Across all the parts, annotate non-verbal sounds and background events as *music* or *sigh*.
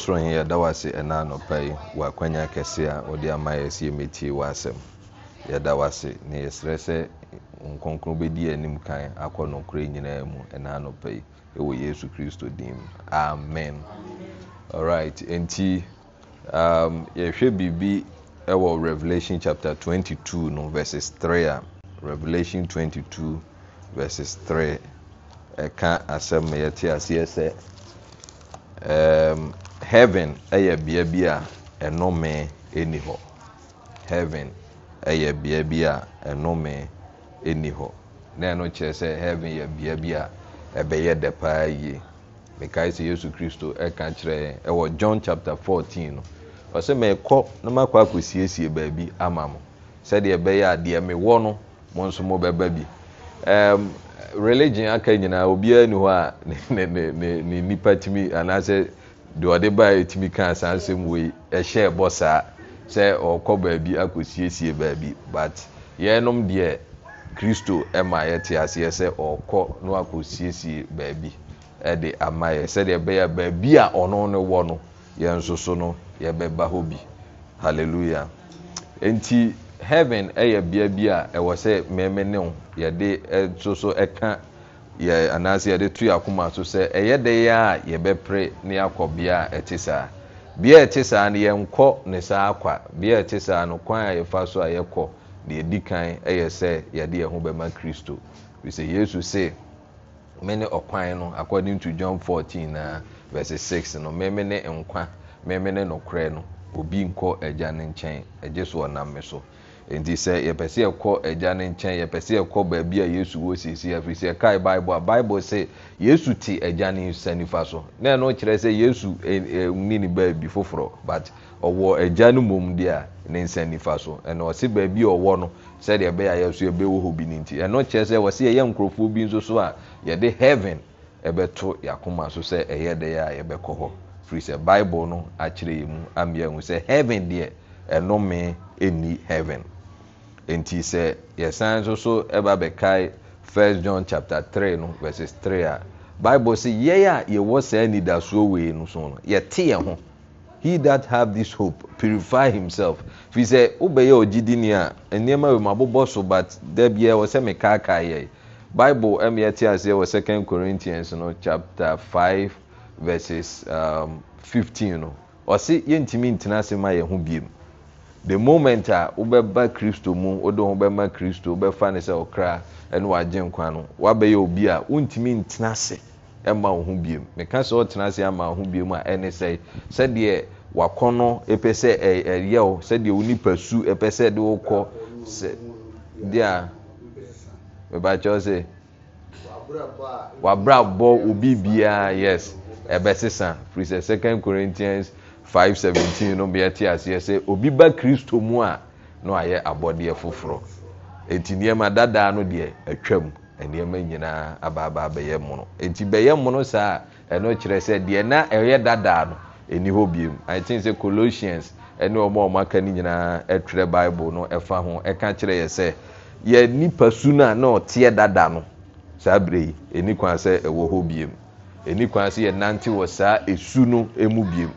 soro he yɛda wase ɛna anɔpa yi wɔ akwanya kɛse a wode ama yɛ sɛ yɛmɛtie w'asɛm yɛda wase na yɛsrɛ sɛ nkronkron bɛdi anim kan akɔ nokora nyinaa mu ɛna anɔpa yi ɛwɔ yesu kristo din mu amen alright nti um, yɛhwɛ biribi ɛwɔ revelation chapter 22 no verses 3 a revelation 22 verses 3 ɛka asɛm yɛte aseɛ sɛ um, heaven yɛ bea bi a nnome nni hɔ heaven yɛ bea bi a nnome nni hɔ na ɛno kyerɛ sɛ heaven yɛ bea bi a ɛbɛyɛ dɛ paa yie mekae sɛ yesu kristo ɛka kyerɛ ɛwɔ john chapter 14 no ɔsɛ mɛkɔ na makɔ akɔsiesie baabi ama mo sɛdeɛ ɛbɛyɛ a deɛ mewɔ no mo nso bɛba bi religion aka nyinaa obiara ni hɔ a ne ne ne ne nipa timi anaasɛ deɛ ɔde baa ɛtumi kaa saa nsɛm wei ɛhyɛ ɛbɔ saa sɛ ɔkɔ baabi akɔsiesie baabi but yɛnom deɛ kristo ma yɛte aseɛ sɛ ɔkɔ no akɔsiesie baabi ɛde amayɛ sɛdeɛ ɛbɛyɛ baabi a ɔno no wɔ no yɛn nso so no yɛbɛba hɔ bi halleluya nti heaven yɛ bea bi a ɛwɔ sɛ mmɛmɛ yɛde nso ɛka anaasɛ yɛde to yɛ akoma so sɛ ɛyɛ yɛ a yɛbɛpere ne yɛakɔ bea a ɛte saa bia ɛte saa no yɛnkɔ ne saa akwa bia ɛte saa no kwan a yɛfa so a yɛkɔ deɛ ɛdi kan yɛ sɛ yɛde yɛ ho bɛma kristo firi sɛ yesu se me ne ɔkwan no according to john fourteen na uh, verse six no meme ne nkwa meme ne nokorɛ no obi nkɔ agya ne nkyɛn agye so ɔnam me so nti sɛ yɛpɛ sɛ yɛkɔ agya no nkyɛn yɛpɛ sɛ yɛkɔ baabi a yesu wɔ sisi afiri sɛ kae bible a bible sɛ yesu te agya no nsa nifa so na ɛno kyerɛ sɛ yesu eh, eh, ni ne baabi foforɔ but ɔwɔ agya no mmom deɛ a ne nsa nifa so ɛna ɔsi baabi a ɔwɔ no sɛdeɛ ɛbɛyɛ a yɛso yɛbɛwɔ hɔ bi ne nti ɛno kyerɛ sɛ wɔsi yɛyɛ nkurɔfoɔ bi nso so a yɛde heaven ɛbɛto yɛakoma so sɛ ɛyɛ deɛ a yɛbɛkɔ hɔ firi sɛ bible no akyerɛ yɛ mu amia ehu sɛ heaven deɛ ɛnome ɛnni heaven nti sɛ yɛsan nso so ɛba bɛkae first john chapter three no verses three a bible sɛ yɛn a yɛwɔ saa nidasuo wei no so no yɛte yɛn ho he that have this hope purify himself fi sɛ wobɛyɛ ogyidini a nneɛma wɔ mu abobɔ so but dabi ɛwɔ sɛ mekaakaa yɛ bible ɛm yɛte aseɛ wɔ second corinthians no chapter five verses um, fifteen no ɔsi yɛntumi ntena ase ma yɛn ho biem the moment a wobɛba kristo mu wode ho bɛma kristo wobɛfa ne sɛ ɔkra ne wagye nkwa no woabɛyɛ obi a wontumi ntena ase ma wo ho biom meka sɛ wotena ase ama wo ho biom a ɛne sɛ sɛdeɛ wakɔnɔ ɛpɛ sɛ ɛyɛ wo sɛdeɛ wo nipa su ɛpɛ sɛ de wokɔ sɛ deɛ a mebakyɛw sɛ wabrabɔ obi biara yes ɛbɛsesa firi sɛ second corinthians 517 no bɛɛte aseɛ sɛ obi ba kristo mu a na ayɛ abɔdeɛ foforɔ ɛnti nnoɔma dadaa no deɛ atwa mu nnoɔma nyinaa abaabaa bɛyɛ mmono ɛnti bɛyɛ mmono saa a ɛno kyerɛ sɛ deɛ na ɛyɛ dadaa no ɛni hɔ biom itin sɛ colossians ɛne ɔma ɔma aka no nyinaa ɛtwerɛ bible no ɛfa ho ɛka kyerɛ yɛ sɛ yɛ nipa su no a na ɔteɛ dada no saa berɛ yi ɛni kwan sɛ ɛwɔ hɔ biom ɛni kwan sɛ yɛnante wɔ saa ɛsu no mu biom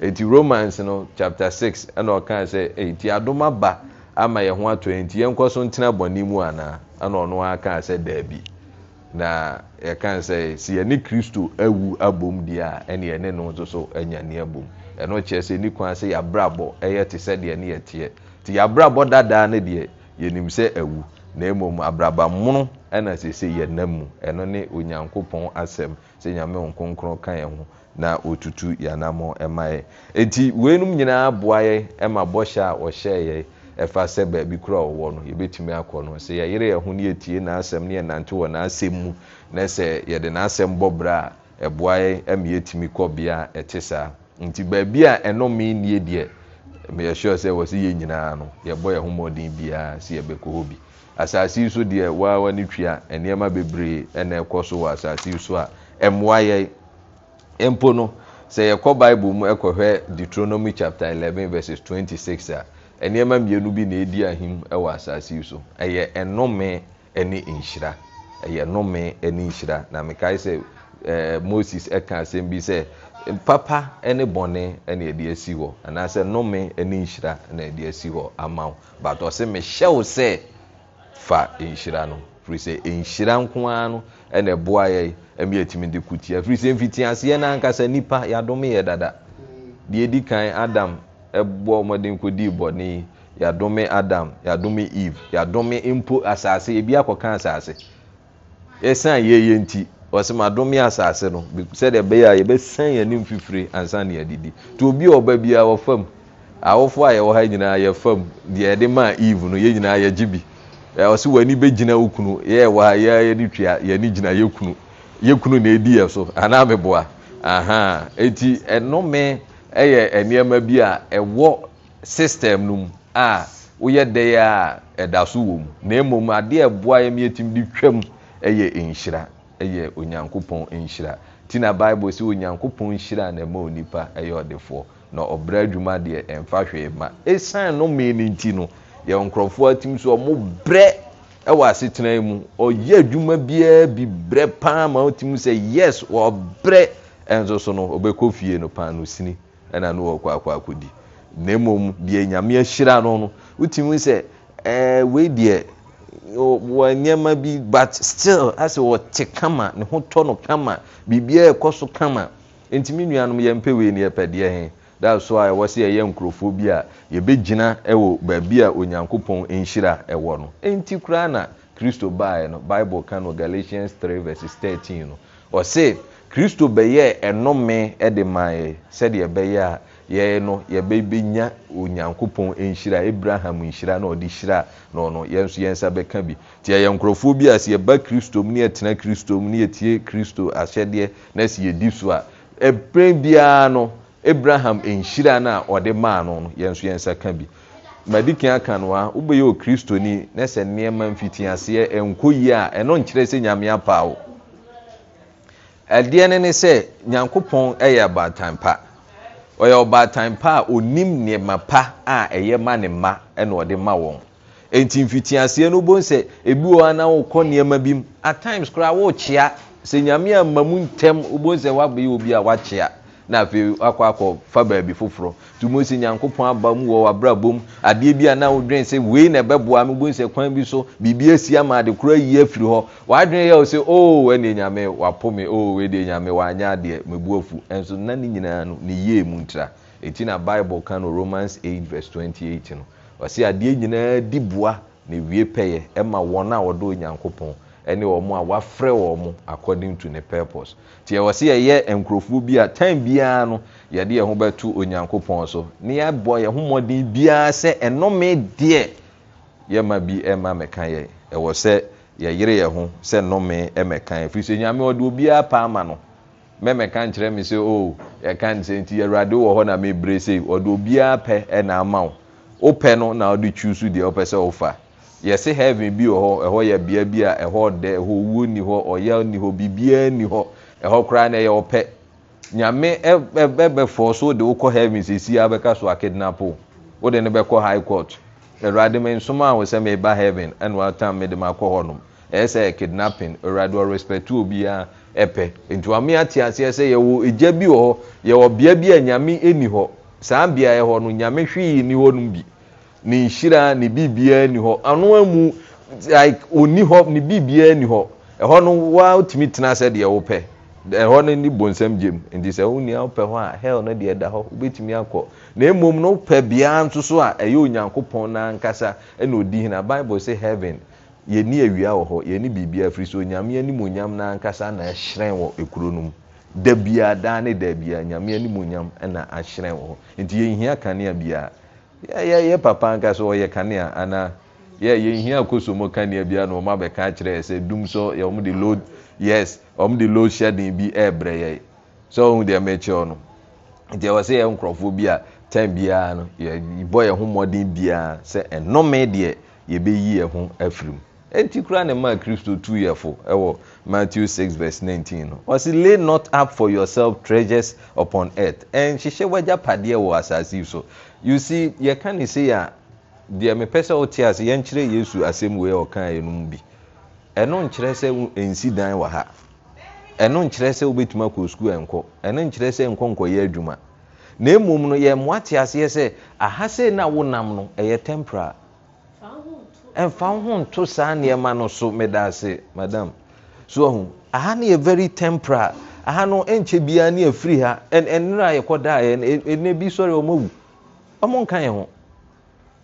eti romans no chapter six ɛna ɔka sɛ ɛti adom aba ama yɛn ho atɔ yɛn yɛnkɔ so ntena bɔne mu ana ɛna ɔno aka sɛ daabi na yɛka sɛ sɛ ne kristo awu abom deɛ a ɛne yɛne no nso so anya ne abom ɛno kyerɛ sɛ ni kwan sɛ yɛabrabɔ ɛyɛ te sɛdeɛ ne yɛteɛ nti yɛabrabɔ dadaa ne deɛ yɛnim sɛ awu na mmom abraba mono ɛna sɛ sɛ yɛnam mu ɛno ne onyankopɔn asɛm sɛ nyame wo nkronkron ka yɛn ho na ɔtutu yanamo ɛma yɛ ɛnti weinom nyinaa boa yɛ ɛma bɔhyɛ a ɔhyɛɛ yɛ ɛfa sɛ baabi kora ɔwɔ no yɛbɛtumi akɔ no sɛ yɛyere yɛ ho ne yɛtie n'asɛm ne yɛnante wɔ n'asɛm mu na sɛ yɛde n'asɛm bɔbrɛ a ɛboa yɛ ma yɛtumi kɔbea a ɛte saa nti baabi a ɛnome nnie deɛ yɛsure sɛ wɔ sɛ yɛ nyinaa no yɛbɔ yɛ ho mmɔden biara sɛ yɛbɛkɔ hɔ bi asase so deɛ waa w'ani twi nneɛma bebree ɛna ɛkɔ so wɔ asase so a ɛmmoa yɛ mpo no sɛ yɛkɔ bible mu ɛkɔhwɛ deuteronomy chapter 11 26 a ɛnoɔma mmienu bi na ɛdi ahim wɔ yi so ɛyɛ ɛnome ne nhyira ɛyɛ ne nhyira na mekae sɛ moses ɛka asɛm bi sɛ papa ne bɔne ne ɛde asi hɔ anaasɛ ne nhyira na ɛde asi hɔ ama wo but mehyɛ wo sɛ fa nhyira no ɛna ɛboa yɛ ɛmi yɛtumi de kutia firi sɛ mfiti aseɛ n'ankasa nipa yadom yɛ dada deɛ di kan adam ɛbɔ ɔmɔden ko di bɔne yadome adam yadome eve yadome mpo asase ebi akɔka asase ɛsan yɛyɛ nti wɔsi ma dome asase no sɛdeɛ ɛbɛyɛ a yɛbɛsan yɛn anim fifiri ansa na yɛdidi te obi a ɔba bi a wɔfam awofo a yɛwɔ ha nyinaa yɛfam deɛ yɛde maa eve no yɛn nyinaa yɛgye bi ɔsi w'ani bɛgyina wo kunu yɛ wɔ ha yɛ yɛde twia yɛni gyina yɛ kunu yɛ kunu na edi yɛ so anaa mi boa ahan eti ɛnome ɛyɛ nneɛma bi a ɛwɔ system no mu a woyɛ dɛyɛ a ɛda so wɔ mu na emom adeɛ ɛboa yɛ mi etim de twam ɛyɛ nhyira ɛyɛ onyankopɔn nhyira ti na bible si onyankopɔn nhyira na ɛma onipa ɛyɛ ɔdefoɔ na ɔbrɛ adwuma deɛ ɛnfa hwee ma esan nome ne ti no yɛwɔ nkurɔfoɔ atim so ɔmo brɛ ɛwɔ asetena yi mu ɔyɛ adwuma biara bi brɛ paa ma ɔtim sɛ yes ɔbrɛ ɛnso so no ɔbɛkɔ fie no paa no sini ɛna no ɔkɔ akɔ akɔdi na mmom deɛ nyame ahyira no no wotumi sɛ ɛɛ wei deɛ wɔ nneɛma bi but still asɛ wɔte kama ne ho tɔ no kama biribiara ɛkɔ so kama ntumi nnuanom yɛmpɛ wei ne yɛpɛ deɛ hɛn that's why ɛwɔ sɛ yɛyɛ nkurɔfoɔ bi a yɛbɛgyina eh, wɔ baabi a onyankopɔn nhyira ɛwɔ eh, no ɛnti koraa na kristo baeɛ no bible ka no galatians three verses thirteen no ɔse kristo bɛyɛɛ ɛnome eh, de maayɛ sɛdeɛ ɛbɛyɛ a yɛɛ no yɛbɛbɛnya onyankopɔn nhyira abraham nhyira na ɔde hyiraa naɔno yɛnso yɛnsa bɛka bi nti ɛyɛ nkurɔfoɔ bi a sɛ yɛba kristo mu ne yɛtena kristo mu ne yɛtie kristo ahyɛdeɛ na sɛ yɛdi so a ɛprɛn biara no abraham nhyira no a ɔde maa no no yɛnso yɛnsa ka bi madi aka ka no a wobɛyɛ okristoni na sɛ nnoɔma mfitiaseɛ ɛnkɔ yie a ɛno nkyerɛ sɛ nyame apaa wo ɛdeɛ no ne sɛ nyankopɔn yɛ ɔbaatan pa ɔyɛ ɔbaatan pa a onim nneɛma pa a ɛyɛ ma ne mma ɛna ɔde ma wɔn ɛnti mfitiaseɛ no wobɛhu sɛ ebi wɔ a na wokɔ bi mu at times koraa worekyea sɛ nyame amma mu ntɛm wobɛhu sɛ woabɛyɛ obi a woakyea na afei akɔ akɔ fa baabi foforɔ nti si nyankopɔn aba mu wɔ w'abrabɔ mu adeɛ bi a na wodwen sɛ wei na ɛbɛboa mi bóun kwan bi so biribi esi ama ade koro ayi afiri hɔ w'adwene yɛ o sɛ oo oh, ɛne nyame w'apo mi oh, oo ɛde nyame w'anya adeɛ mebu afu ɛnso na ne nyinaa no ne yie mu ntra eti na bible kan no romans eight verse twenty eight no ɔsi adeɛ nyinaa di boa na ewie pɛyɛ ɛma wɔn a wɔdɔ onyankopɔn ɛne wɔ mo a wafrɛ wɔ according to ne purpose nti ɛwɔ sɛ yɛyɛ nkurɔfoɔ bi a tan biara no yɛde yɛn ho bɛto onyankopɔn so ne yɛabɔ yɛn ho mmɔden biara sɛ ɛnome deɛ yɛma bi ɛma mɛka yɛ ɛwɔ sɛ yɛyere yɛn ho sɛ nnome ɛmɛka yɛ firi sɛ nyame ɔde obiara pa ama no mɛmɛka nkyerɛ mi sɛ o oh, yɛka nsɛ nti awurade wɔ hɔ na mebrɛ sɛ ɔde obiara pɛ ɛna ama wo wopɛ no na ɔde twiw so deɛ wopɛ sɛ wofa yɛse heaven bi wɔ hɔ ɛhɔ yɛ bea bi a ɛhɔ dɛ ɛhɔ owuo ni hɔ ɔyɛ ni hɔ biribiara ni hɔ ɛhɔ koraa na ɛyɛ ɔpɛ nyame ɛbɛfɔ so de wokɔ heaven sisi abɛka so akidnap o wode no bɛkɔ high court awurade me nsoma a wosɛ meba heaven ɛna watam mede makɔ hɔ nom ɛyɛ sɛ kidnapping awurade ɔrespect obiara ɛpɛ nti wame ate aseɛ sɛ yɛwɔ egya bi wɔ hɔ yɛwɔ bea bi a nyame ɛni hɔ saa bea yɛ hɔ no nyame hwii ni hɔ nom bi ne nhyira ne biribiara ni hɔ ano mu like oni hɔ ne biribiara ni hɔ ɛhɔ no wa otumi tena sɛ deɛ wopɛ ɛhɔ no ni bonsam gyem nti sɛ wo nua wopɛ hɔ a hell no deɛ da hɔ wobɛtumi akɔ na mmom no wopɛ biara nso so a ɛyɛ onyankopɔn n'ankasa ɛna odi hena. bible say heaven yɛni awia wɔ hɔ yɛni biribiara firi so onyame anim onyam n'ankasa na ɛhyerɛn wɔ ekuro no mu da biara daa ne da biara nyame anim onyam ahyerɛn wɔ hɔ nti yɛn hia kanea biara. yɛ papa ankasa ɔyɛ kanea anaa yɛ yɛhia akosomo kanea bia na ɔmo abɛka akyerɛ yɛ sɛ dum so yɛ ɔmo de load yes ɔmo de load shedding bi ɛɛbrɛ yɛ so ɔmo deɛ mɛkyɛ ɔno nti ɛwɔ sɛ yɛ nkorɔfoɔ bi a time biara no yɛbɔ yɛn ho mmɔden biara sɛ ɛnɔme deɛ yɛbɛyi yɛn ho afiri mu eti kura ne ma kristo tu yɛ fo ɛwɔ matthew six verse nineteen no ɔsi lay not up for yourself treasures upon earth ɛnhyehyɛ wagya padeɛ eh, wɔ asaase yi so you see yɛka ne sei a deɛ mepɛ sɛ wote ase yɛnkyerɛ yesu asɛm wei ɔkaeɛ no mu bi ɛno nkyerɛ sɛ ɛnsi dan wɔ ha ɛno nkyerɛ sɛ wobɛtumi akɔ sukuu ɛnkɔ ɛno nkyerɛ sɛ nkɔ nkɔyɛ adwuma na mmom no eh, yɛmmoa te aseɛ sɛ aha sei no a wonam no ɛyɛ tempera ɛmfa wo ho nto saa nneɛma no so meda ase madam so ahu aha no yɛ very tempera aha no ɛnkyɛ biara ne afiri ha ɛnera a yɛkɔdaeɛ ɛnɛ bi sɔre ɔmawu ɔmo nka yɛn ho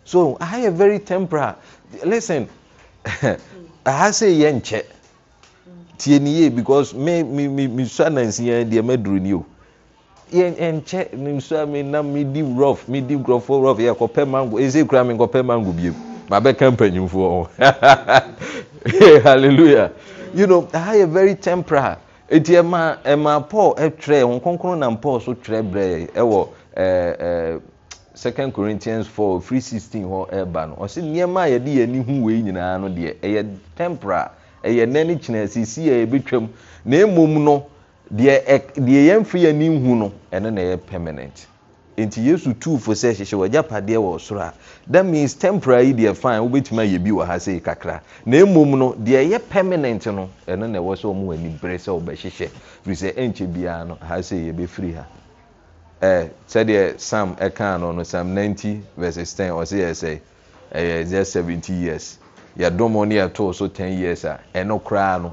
so aha a very temporal listen aha say yɛ nkyɛ tie ni yie because me me me me sua nansi yɛn deɛ mɛ duro ni o yɛ nkyɛ ne sua mi nam mi di rough mi di nkurɔfoɔ rough yɛ kɔpɛ mango ese kura mi kɔpɛ mango bie ma bɛ ka mpanyinfoɔ ho *laughs* hallelujah you know aha yɛ very temporal eti ɛma e ɛma e paul ɛtwerɛ e wɔn kɔnkɔn na paul so twerɛ brɛ ɛwɔ ɛɛ ɛɛ second corinthians 4 free 16 hɔ ɛreba no ɔsi nneɛma a yɛde yɛn ani hu wei nyinaa no deɛ ɛyɛ tempera ɛyɛ nani kyerɛ sisi a yɛbɛtwam na emom no deɛ ɛ deɛ yɛn fi yɛn ani hu no ɛno na ɛyɛ permanent nti yesu tuu fo sɛ hyehyɛ wɔ agyapadeɛ wɔ soro a that means tempera yi deɛ fine wobɛtumi ayɛ bi wɔ ha sɛ kakra na emom no deɛ ɛyɛ permanent no ɛno na ɛwɔ sɛ ɔmo wɔ ani brɛ sɛ ɔbɛhyehyɛ firi sɛ ɛnkyɛ biara no ha sɛ yɛbɛfiri ha sɛdeɛ sam ɛka no no sam ninety verses 10 ɔsɛ yɛ sɛ ɛyɛ just seventy years yɛdɔm no yɛtoo so ten years a ɛno koraa no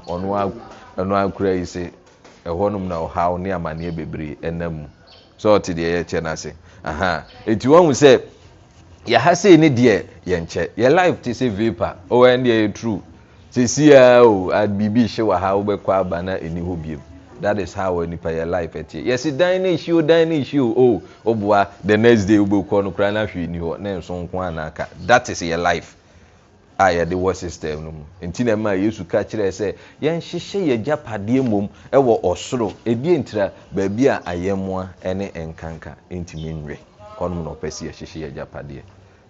ɔno akora yi sɛ ɛhɔnom na ɔhaw ne amanneɛ bebree ɛnam mu sɛ ɔte deɛ yɛkyɛ no aha Etu wahu sɛ yɛha sei ne deɛ yɛnkyɛ yɛ life te sɛ vapa ɔwɔ ɛn deɛ yɛ true sɛsiaa o biribi hye wɔ ha wobɛkɔ aba na ɛni hɔ biemu that is how nipa yɛ life ɛteɛ yɛsi dan ne oh, nsuo dan ne nsuo oh, o oh, oboa the next day wobɛkɔ no koraa na hwee ni hɔ ne nso nko anaka that is yɛ life a yɛde wɔ system no mu nti na mmaa yesu ka kyerɛ sɛ yɛnhyehyɛ yɛ gyapadeɛ mmom ɛwɔ ɔsoro ebie ntira baabi a ayɛmoa ɛne nkanka ntumi nwɛ hɔnom na ɔpɛ si yɛhyehyɛ yɛ gyapadeɛ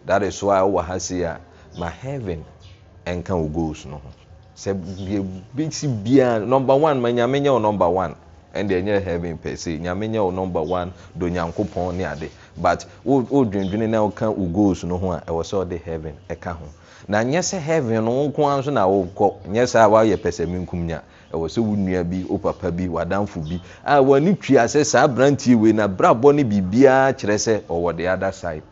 that is why wɔ ha si a ma heaven ɛnka wɔ goals no ho sɛ bisi biara number one ma nyame nyɛ wo number one ɛnna ɛnyɛ heaven per se nyame nyɛ wo number one do nyankopɔn ne ade but wo wo dwendwene na woka wo goals no ho a ɛwɔ e sɛ ɔde heaven ɛka e ho na nyɛ sɛ heaven no wo nko ara nso na wokɔ nyɛ sɛ a woayɛ pɛ sɛ menkum nya ɛwɔ e sɛ wo nua bi wo papa bi w'adamfo bi a w'ani tua sɛ saa aberanteɛ wei na brabɔ ne biribiara kyerɛ sɛ ɔwɔ the other side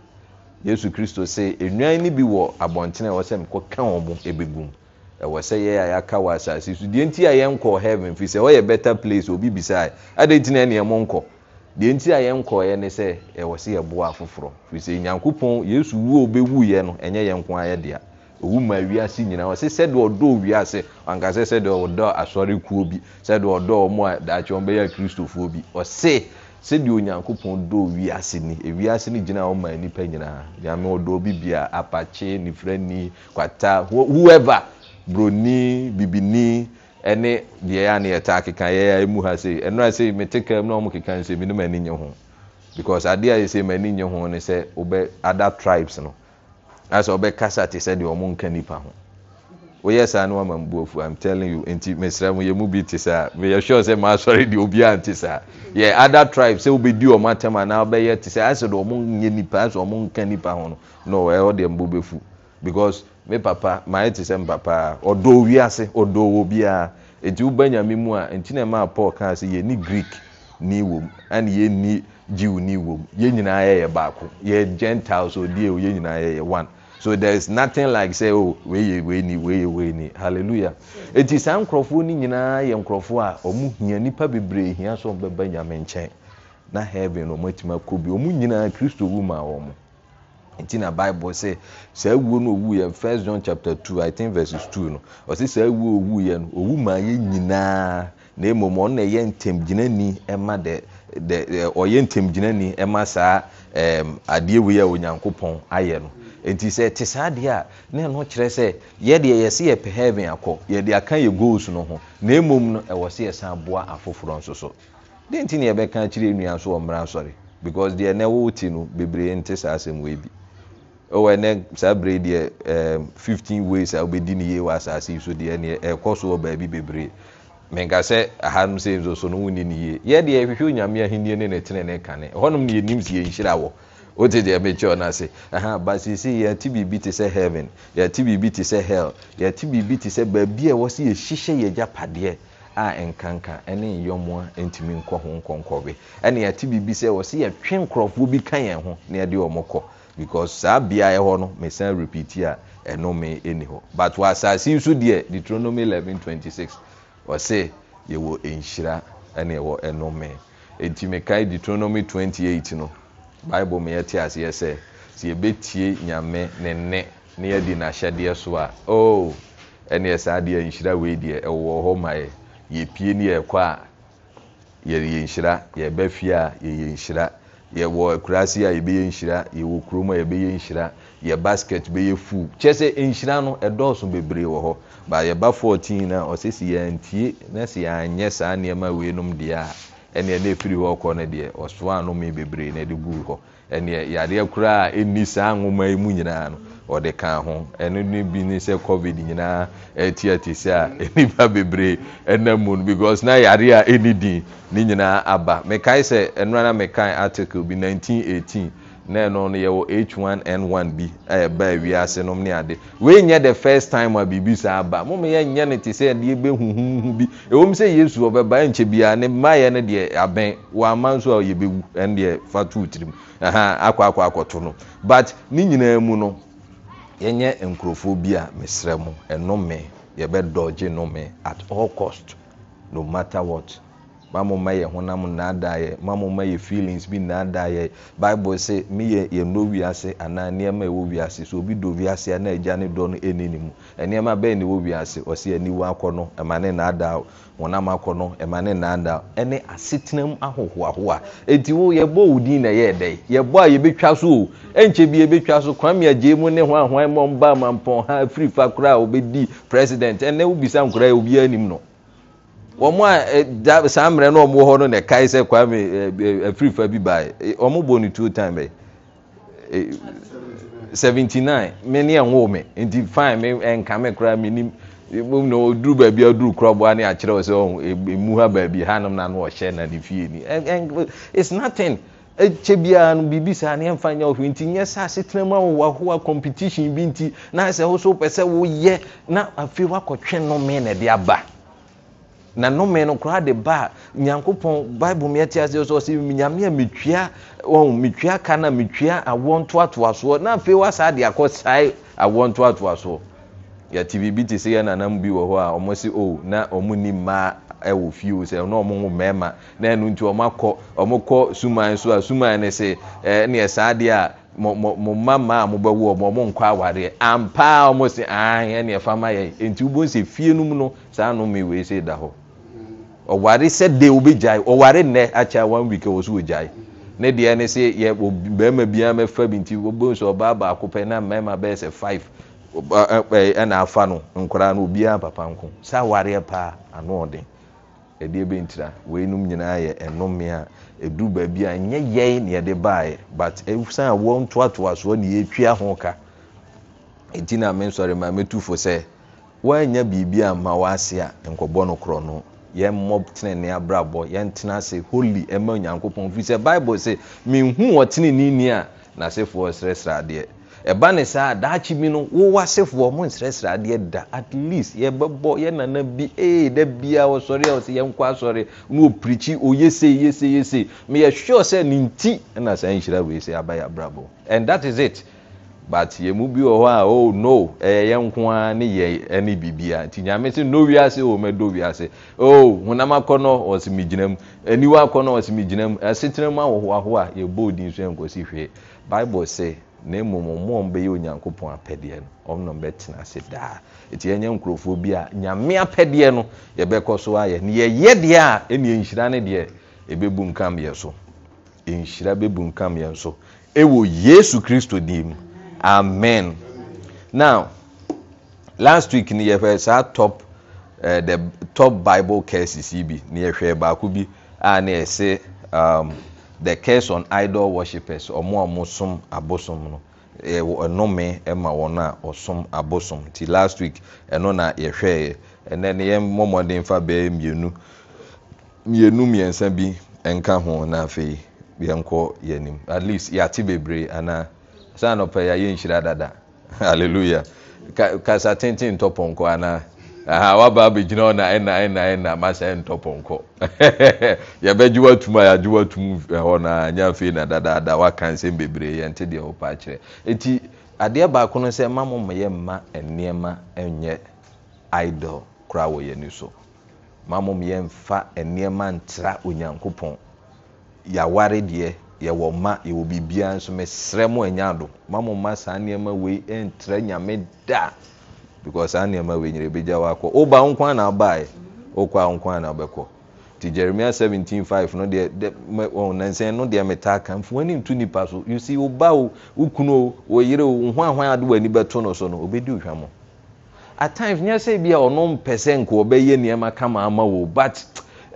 yesu kristo sɛ nnuan no bi wɔ abɔntene a ɛwɔ sɛ mekɔka wɔn mo ɛbɛgum ɛwɔ sɛ yɛyɛ a yɛaka wɔ asase so deɛ nti a yɛnkɔɔ heaven firi sɛ ɔyɛ better place obi bisae adɛn nti na ɛneɛ mo nkɔ deɛ nti a yɛnkɔɔeɛ ne sɛ ɛwɔ sɛ yɛboa afoforɔ firi sɛ nyankopɔn yesu wuo bɛwuiɛ no ɛnyɛ yɛn nko ayɛ dea ɔwu ma wiase nyinaa ɔsɛ sɛdeɛ ɔdɔɔ wiase anka sɛ sɛdeɛ ɔdɔɔ asɔre kuo bi sɛdeɛ ɔdɔɔ mo a daakye wɔn bɛyɛ kristofoɔ bi ɔse sɛdeɛ onyankopɔn dɔɔ wiase ni ewiase no gyina ɔma nipa nyinaa nyame ɔdɔɔ bibia apakye nifrani kwata whoever broni bibini ɛne deɛ yɛ a ne yɛta akeka yɛyɛ mu ha sei ɛno a sei mete kam na ɔmo keka nsɛm ne ma ani nye ho because adeɛ a yɛsɛ ma ani nye ho ne sɛ ɔbɛ other tribes no asɛ ɔbɛkasa te sɛ deɛ ɔmo nka nipa ho woyɛ saa no wama mbuofu i'm telling you nti mesra mu yɛ mu bi te saa meyɛ sure sɛ maa sɔre deɛ obiara nte saa yɛ other tribe sɛ wobɛdi ɔmo atam anaa ɔbɛyɛ te sɛ asɛ deɛ ɔmo nye nipa asɛ ɔmo nka nipa ho no no ɛhɔ deɛ mbɔ because me papa maayɛ te sɛ me papaa ɔdɔ wiase ɔdɔ wɔ biara eti wo bɛnyame mu a nti na ɛmaa paul kaa sɛ yɛni greek ni wɔ mu ɛna ni jew ni wɔ mu yɛn nyinaa yɛyɛ baako yɛ gentiles odie o yɛn nyinaa yɛyɛ one so there is nothing like say oh weye weeni weye weeni hallelujah eti saa nkurɔfoɔ ni nyinaa yɛ nkurɔfoɔ a wɔn hia nipa bebree hia so wɔn bɛba nyame nkyɛn na heaven wɔn atuma kɔ bi wɔn nyinaa kristo wu ma wɔn nti na bible sɛ saa wuo no owu yɛ first john chapter two i think verse two no ɔsi saa wuo owu yɛ no owu maa yɛ nyinaa na emom ɔno na ɛyɛ ntɛmgyinani ɛma dɛ dɛ ɛ ɔyɛ ntɛmgyinani ɛma saa ɛɛm adeɛ wei a onyankopɔn ayɛ no nti sɛ te saa adeɛ a na ɛno kyerɛ sɛ yɛdeɛ yɛsi yɛ pɛ heaven akɔ yɛde aka yɛ goals no ho na emom no ɛwɔ sɛ yɛsan aboa afoforɔ nso so de nti na yɛbɛka akyerɛ nnua nso wɔ mmerɛ because deɛ na ɛwɔ ti no bebree nte saa asɛm wɔ ebi wɔ ɛnɛ saa bere deɛ ɛɛ fifteen ways a wobɛdi ne yie wɔ asaase yi so deɛ ɛnɛ ɛkɔ so wɔ baabi bebree mɛnka sɛ aha no sɛ nso so no wuni ne yie yɛ deɛ ehwehwɛ onyame ahenni ne ne tene ne kane hɔnom ne yɛnim si yɛnhyira wɔ wote deɛ mekyɛ ɔno ase aha basisi yɛte biribi te sɛ heaven yɛte biribi te sɛ hell yɛte biribi te sɛ baabi a ɛwɔ sɛ yɛhyehyɛ yɛgya padeɛ a nkanka ne nyɔmoa ntumi nkɔ ho nkɔnkɔbe ɛne yɛte biribi sɛ wɔ sɛ yɛtwe nkurɔfoɔ bi ka yɛn ho na yɛde wɔn kɔ because saa beaeɛ hɔ no mesan repeat a ɛnome ni hɔ but wɔ asase nso deɛ deuteronomy eleven twenty six ɔse yɛwɔ nhyira ɛna ɛwɔ ɛnome eti mekae deuteronomy twenty eight no bible mi yɛ te aseɛ sɛ sɛ yɛbɛtie nyame ne nne Ne yɛdi n'ahyɛdeɛ so a oh ɛna yɛ saa deɛ nhyira wei deɛ ɛwɔ hɔ ma yɛ yɛpie ne yɛkɔ a yɛyɛ nhyira yɛbɛ fie a yɛyɛ nhyira yɛwɔ kurasi a yɛbɛyɛ nhyira yɛwɔ kurom a yɛbɛyɛ nhyira yɛ basket bɛyɛ full kyɛ nhyira no ɛdɔɔso bebree wɔ hɔ ba yɛba fourteen na ɔsɛ si yɛntie na si yɛanyɛ saa nneɛma weinom deɛ a ɛnneɛ na efiri hɔ kɔ no deɛ ɔsoa anome bebree na ɛde gu hɔ ɛnneɛ yadeɛ koraa ɛnni saa nwoma yi mu nyinaa no ɔde ka ho ɛno ne bi ne sɛ covid nyinaa ɛtiati e sɛ a *laughs* nipa bebree ɛnam mu no because na yare a ɛni din ne nyinaa aba mekae sɛ ɛnora na mekae article bi 1918 na ɛno no yɛwɔ h1n1 bi ɛyɛba awiase nom ne ade wei nyɛ the first time a biribi saa aba mom yɛnyɛ no te sɛ deɛ bɛhuhuhu bi ɛwom e sɛ yesu ɔbɛba nkyɛ biara ne mmayɛ no deɛ abɛn wɔama nso a yɛbɛwu ɛno deɛ fa too tirim akɔ akɔ akɔto no but ne nyinaa mu no yɛnyɛ nkurɔfoɔ bi a mesrɛ mu ɛnome yɛbɛdɔgye nome at all cost no matter what mamoma yɛ honam nnaadaeɛ mamoma yɛ feelings bi nnaadaeɛ bible sɛ meyɛ yɛnɔ wiase anaa nneɛma ɛwɔ wiase sɛ obi do wiase a na agya ne dɔ no ɛni ne mu nnoɔma bɛɛ ne wɔ wiase ɔsɛ aniwo akɔ no ma ne naada honam akɔ no ma ne naada ɛne asetenam ahohoahoa Eti wo yɛbɔ wo din na ɛyɛ dɛ yɛbɔ a yɛbɛtwa so o ɛnkyɛ bi yɛbɛtwa so kwame agyee mu ne ho ahoan mɔ mba mampɔn ha afiri fa koraa a president ɛnɛ wobisa nkoraa obiara nim no wɔn a saa mmerɛ no wɔn hɔ no na ɛkae sɛ kwame afiri fa bi baa wɔn bɔ ne tuo time ɛ. 79 me ne ɛnwo me nti fine me ɛnka me koraa me nim mmom na ɔduru baabi ɔduru korɔboa ne akyerɛ sɛ ɔhu emu ha baabi hanom na no ɔhyɛ na ne fie ni it's nothing ɛkyɛ biara no biribi saa ne ɛmfa nyɛ ɔhwɛ nti nyɛ sɛ asetena mu awo wahoa competition bi nti na sɛ wo so wopɛ sɛ woyɛ na afei wakɔtwe nome na ɛde aba na nanome no koraa de ba a nyankopɔn bible meɛte aseɛ sɛ ɔsɛ nyame a metwa metwa ka na metwa awoɔ ntoatoasoɔ na afei wasaa de akɔ sae awoɔ ntoatoasoɔ yɛte biribi te sɛ yɛ nanam bi wɔ hɔ a ɔmo se o oh, na ɔmo ni mmaa ɛwɔ fie o sɛ ɔno ɔmo ho mmarima na ɛnu nti ɔmo akɔ ɔmo kɔ suman so a suman ne se ɛɛ ne ɛsaa deɛ a mo mo mo mma a mo bɛwɔ ɔmo ɔmo nkɔ awareɛ ampa a ɔmo se ahan ɛne ɛfa ma yɛ nti wo bɔ nsɛ fie no mu no saa nnome wei se da hɔ ɔware sɛdeɛ wobɛgyae ɔware nnɛ akyɛ one week wɔ so wɔgyae ne deɛ ne sɛ yɛbarima biaa mɛfa bi nti wobɛhu sɛ ɔbaa baako pɛ na mmarima bɛyɛ sɛ 5 ɛna afa no nkoraa no obiara papa nko saa wareɛ paa ano ɔden ɛdeɛ e bɛntira weinom nyinaa yɛ ɛnome a ɛduru baabi e, a ɛnyɛ yɛn ne yɛde baeɛ but ɛsan a wɔn toatoasoɔ ne yɛtwia ho ka ɛti e na me nsɔre ma mɛtu fo sɛ biribi a ma a nkɔbɔ no korɔ no yɛmmɔ abrabọ abrabɔ yɛntena ase holy ma onyankopɔn firi sɛ bible sɛ menhu wɔteneneni a n'asefoɔ srɛsrɛadeɛ ɛba ne saa daakye bi no wowɔ asefoɔ mo adeɛ da at least yɛbɛbɔ yɛnana bi ee da biaa ɔsɔre a ɔsɛ yɛnkɔ asɔre ne ɔpirikyi ɔyɛseyɛseyɛsei meyɛhweɛ sɛ ne nti na saa nhyira wei sɛ abayɛ abrabɔ and that is it but yɛmu bi wɔ hɔ a oh no ɛyɛ yɛn nko ara ne yɛ ɛne bibia nti nyame si no wiase o do wiase oh honam akɔnɔ ɔsi mi gyina mu aniwa akɔnɔ ɔsi mi gyina mu ɛsetena mu ahohoaho a yɛbɔ odi nso yɛn nkɔsi hwee bible sɛ ne mmom ɔmo a ɔmbɛyɛ onyankopɔn apɛdeɛ no ɔmo na ɔmbɛtena ase daa eti yɛnyɛ nkurɔfoɔ bi a nyame apɛdeɛ no yɛbɛkɔ so ayɛ ne yɛyɛ deɛ a ɛne nhyira ne deɛ ebɛbu nkam yɛ so nhyira bɛbu nkam yɛn so ɛwɔ yesu kristo dim amen now last week ni yɛhwɛ saa top uh, the top bible curses yi bi ni yɛhwɛ baako bi a na yɛsɛ um, the curse on idol worshippers ɔmo a ɔmo som abosom no ɛnome ma wɔn a ɔsom abosom nti last week ɛno na yɛhwɛ yɛ ɛnɛ ne yɛn mmɔmɔden fa bɛyɛ mienu mmienu mmiɛnsa bi nka ho na afei yɛnkɔ yɛn at least yɛate bebree anaa saa nɔpɛ yɛ ayɛ nhyira dada *laughs* hallelujah kasa tenten ntɔ ana, anaa aha waba abegyina hɔ na ɛna ɛna ɛna masa *laughs* ɛntɔ pɔnkɔ yɛbɛgye watum a yɛagye watum eh, hɔ na anya afei na dadaada waka nsɛm bebree yɛnte deɛ wɔpɛ akyerɛ eti adeɛ baako no sɛ mma mɔmɔ yɛ mma nneɛma nyɛ idol koraa wɔ yɛn ani so mma mɔmɔ yɛ mfa nneɛma ntra onyankopɔn yɛaware deɛ yɛwɔ mma yɛwɔ biribiara nso mesrɛ mo anya do ma mo mma saa nneɛma wei ntrɛ nyame da because saa nneɛma wei nyere ebegya wakɔ ɔba nko ana abaeɛ ɔkɔ a nko ana abɛkɔ ti jeremia seventeen five no deɛ de mɛ ɔn nansɛn no deɛ mɛta aka nfu wani ntu nipa so you see ɔba o ɔkunu o ɔyere o nho ahwan adi wani bɛto no so no ɔbɛdi ɔhwa mo at times nyɛ sɛ bi a ɔno mpɛsɛ nko ɔbɛyɛ nneɛma kama ama wo but.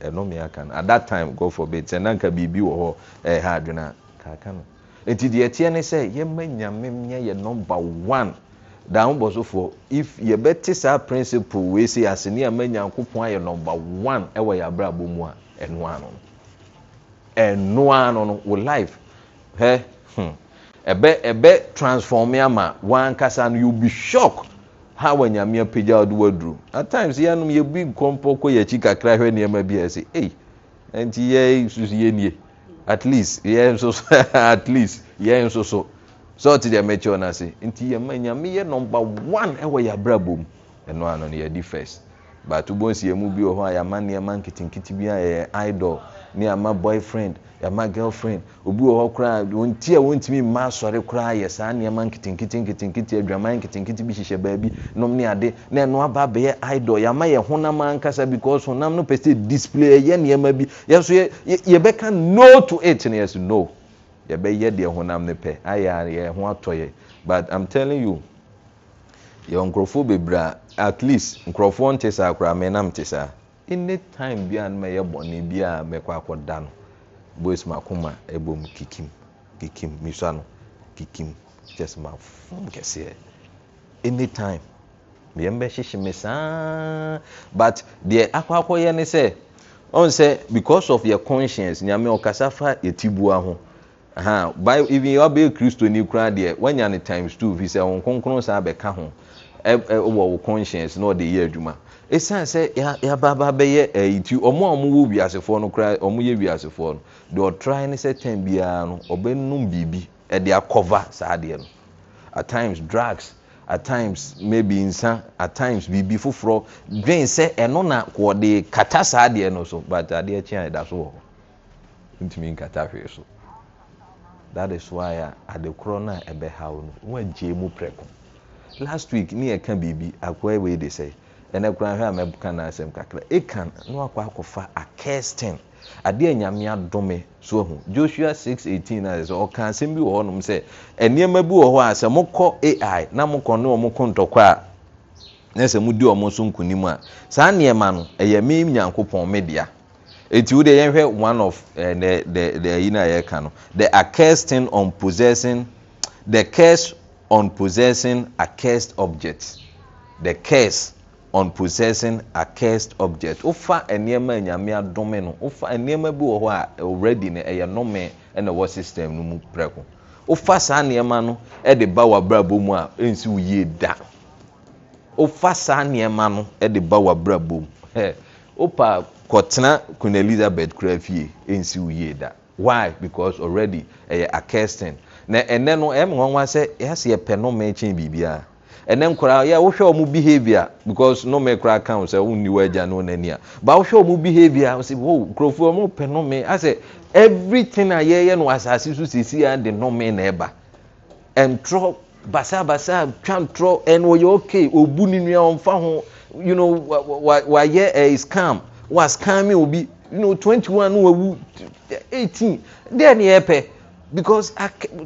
ɛno mi aka no at that time god forbid sɛ nanka biribi wɔ hɔ ɛha adwene a kaaka no nti deɛ ɛteɛ ne sɛ yɛma nyame nyɛ yɛ number one daa mbɔ so fo if yɛbɛte saa principle wei si ase ne yɛma nyankopɔn ayɛ number one ɛwɔ yɛ abrabɔ mu a ɛnoa no ɛnoa no no wò life hɛ hmm ɛbɛ ɛbɛ transform ama wɔn ankasa no you be shocked ha wɔ nyame apagya a ɔde waduru at times yɛnom yɛbi nkɔmpɔ kɔ yɛakyi kakra hwɛ nneɛma bi a ɛsɛ ei nti yɛ susu yɛnie at least yɛ nso *laughs* at least yɛ nso so sɛ ɔte deɛ mɛkyɛ ɔno ase nti yɛma nyame yɛ number one ɛwɔ eh, yɛabrabɔ mu ɛno ano no di first but wobɔ nsi yɛ mu bi wɔ hɔ a oh, yɛama nneɛma nketenkete bi a yɛyɛ idol ne ama boyfriend ama girlfriend obi wɔ hɔ koraa wɔn ti a wɔntumi mma asɔre koraa yɛ saa nneɛma nketenkete nketenkete adwaman nketenkete bi hyehyɛ baabi nom ne ade na ɛno aba abɛyɛ idol yɛama yɛ honam ankasa because honam no pɛ sɛ display ɛyɛ nneɛma bi yɛ so yɛbɛka no to it no yɛ no yɛbɛyɛ deɛ honam no pɛ ayɛ yɛ ho atɔ yɛ but i'm telling you yɛ nkurɔfoɔ bebree at least nkurɔfoɔ nte saa koraa mɛ nam te saa any time bia no mɛyɛ bɔne a mɛkɔ akɔda no boys makoma ɛbom kikim kikim misua no kikim just ma fom kɛseɛ any time deɛ mbɛhyehye me saa but deɛ akɔ akɔyɛ ne sɛ ɔn sɛ because of your conscience nyame ɔkasa fa yɛtibua ho aha by even yɛ ɔbɛyɛ kristo ni kura deɛ wanya ne times two fi sɛ wɔn nkonkron saa bɛka ho ɛwɔ wɔ conscience na ɔde yɛ adwuma ɛsiane sɛ yɛababa bɛyɛ ɛyi nti ɔmo a ɔmo wɔ wiasefoɔ no koraa ɔmo yɛ wiasefoɔ no deɛ ɔtrae ne sɛ tɛn biara no ɔbɛnum biribi ɛde akɔva saa adeɛ no at times drugs at times maybe nsa at times biribi foforɔ dwen sɛ ɛno na wɔde kata saa adeɛ no so but adeɛ kyen a ɛda so wɔ hɔ ntumi nkata hwee so that is why a adekorɔ no a ɛbɛhaw no wɔn agye mu prɛko last week ne yɛ ka biribi akɔɛ wei de sɛ ɛnɛ koraa hwɛ a mɛbuka na asɛm kakra ekan na wakɔ akɔfa akɛsten adeɛ nyame adome so ahu joshua six eighteen na sɛ ɔka asɛm bi wɔ hɔnom sɛ nneɛma bi wɔ hɔ a sɛ mokɔ ai na mokɔ ne wɔn ko ntɔkwa a na sɛ mudi wɔn so nkunim a saa nneɛma no ɛyɛ me nyankopɔn me eti wo de yɛn hwɛ one of ɛɛ eh, the the the ayi na yɛka no the accursed on possessing the curse on possessing accursed object. the curse. on possessing a cursed object wofa nnoɔma anyame adome no wofa nnoɔma bi wɔ a ɔwredi no ɛyɛ nome na wɔ system no mu prɛko wofa saa nnoɔma no ɛde ba w'abrabɔ mu a ɛnsi wo yie da wofa saa nnoɔma no de ba w'abrabɔ mu wopa kɔtena queen elizabeth koraa fie ɛnsi wo yie da why because already ɛyɛ accursed na ene no ɛma nwanwa sɛ yɛasɛ yɛpɛ nome kyɛn biribiara ɛnɛ nkora yɛ wohwɛ ɔmo behavior because nnome kora kan sɛ wonni wagya no n'ani a ba wohwɛ ɔmo behavior sɛ wo kurofo ɔmo pɛ nnome asɛ everything a yɛyɛ no asase so sisi a de nnome na ɛba ɛntrɔ basabasa twa ntrɔ ɛn wɔyɛ okay obu ne nua ɔmfa ho you know wayɛ ɛɛ scam wa scam obi you know twenty one no wawu eighteen deɛ ne yɛpɛ because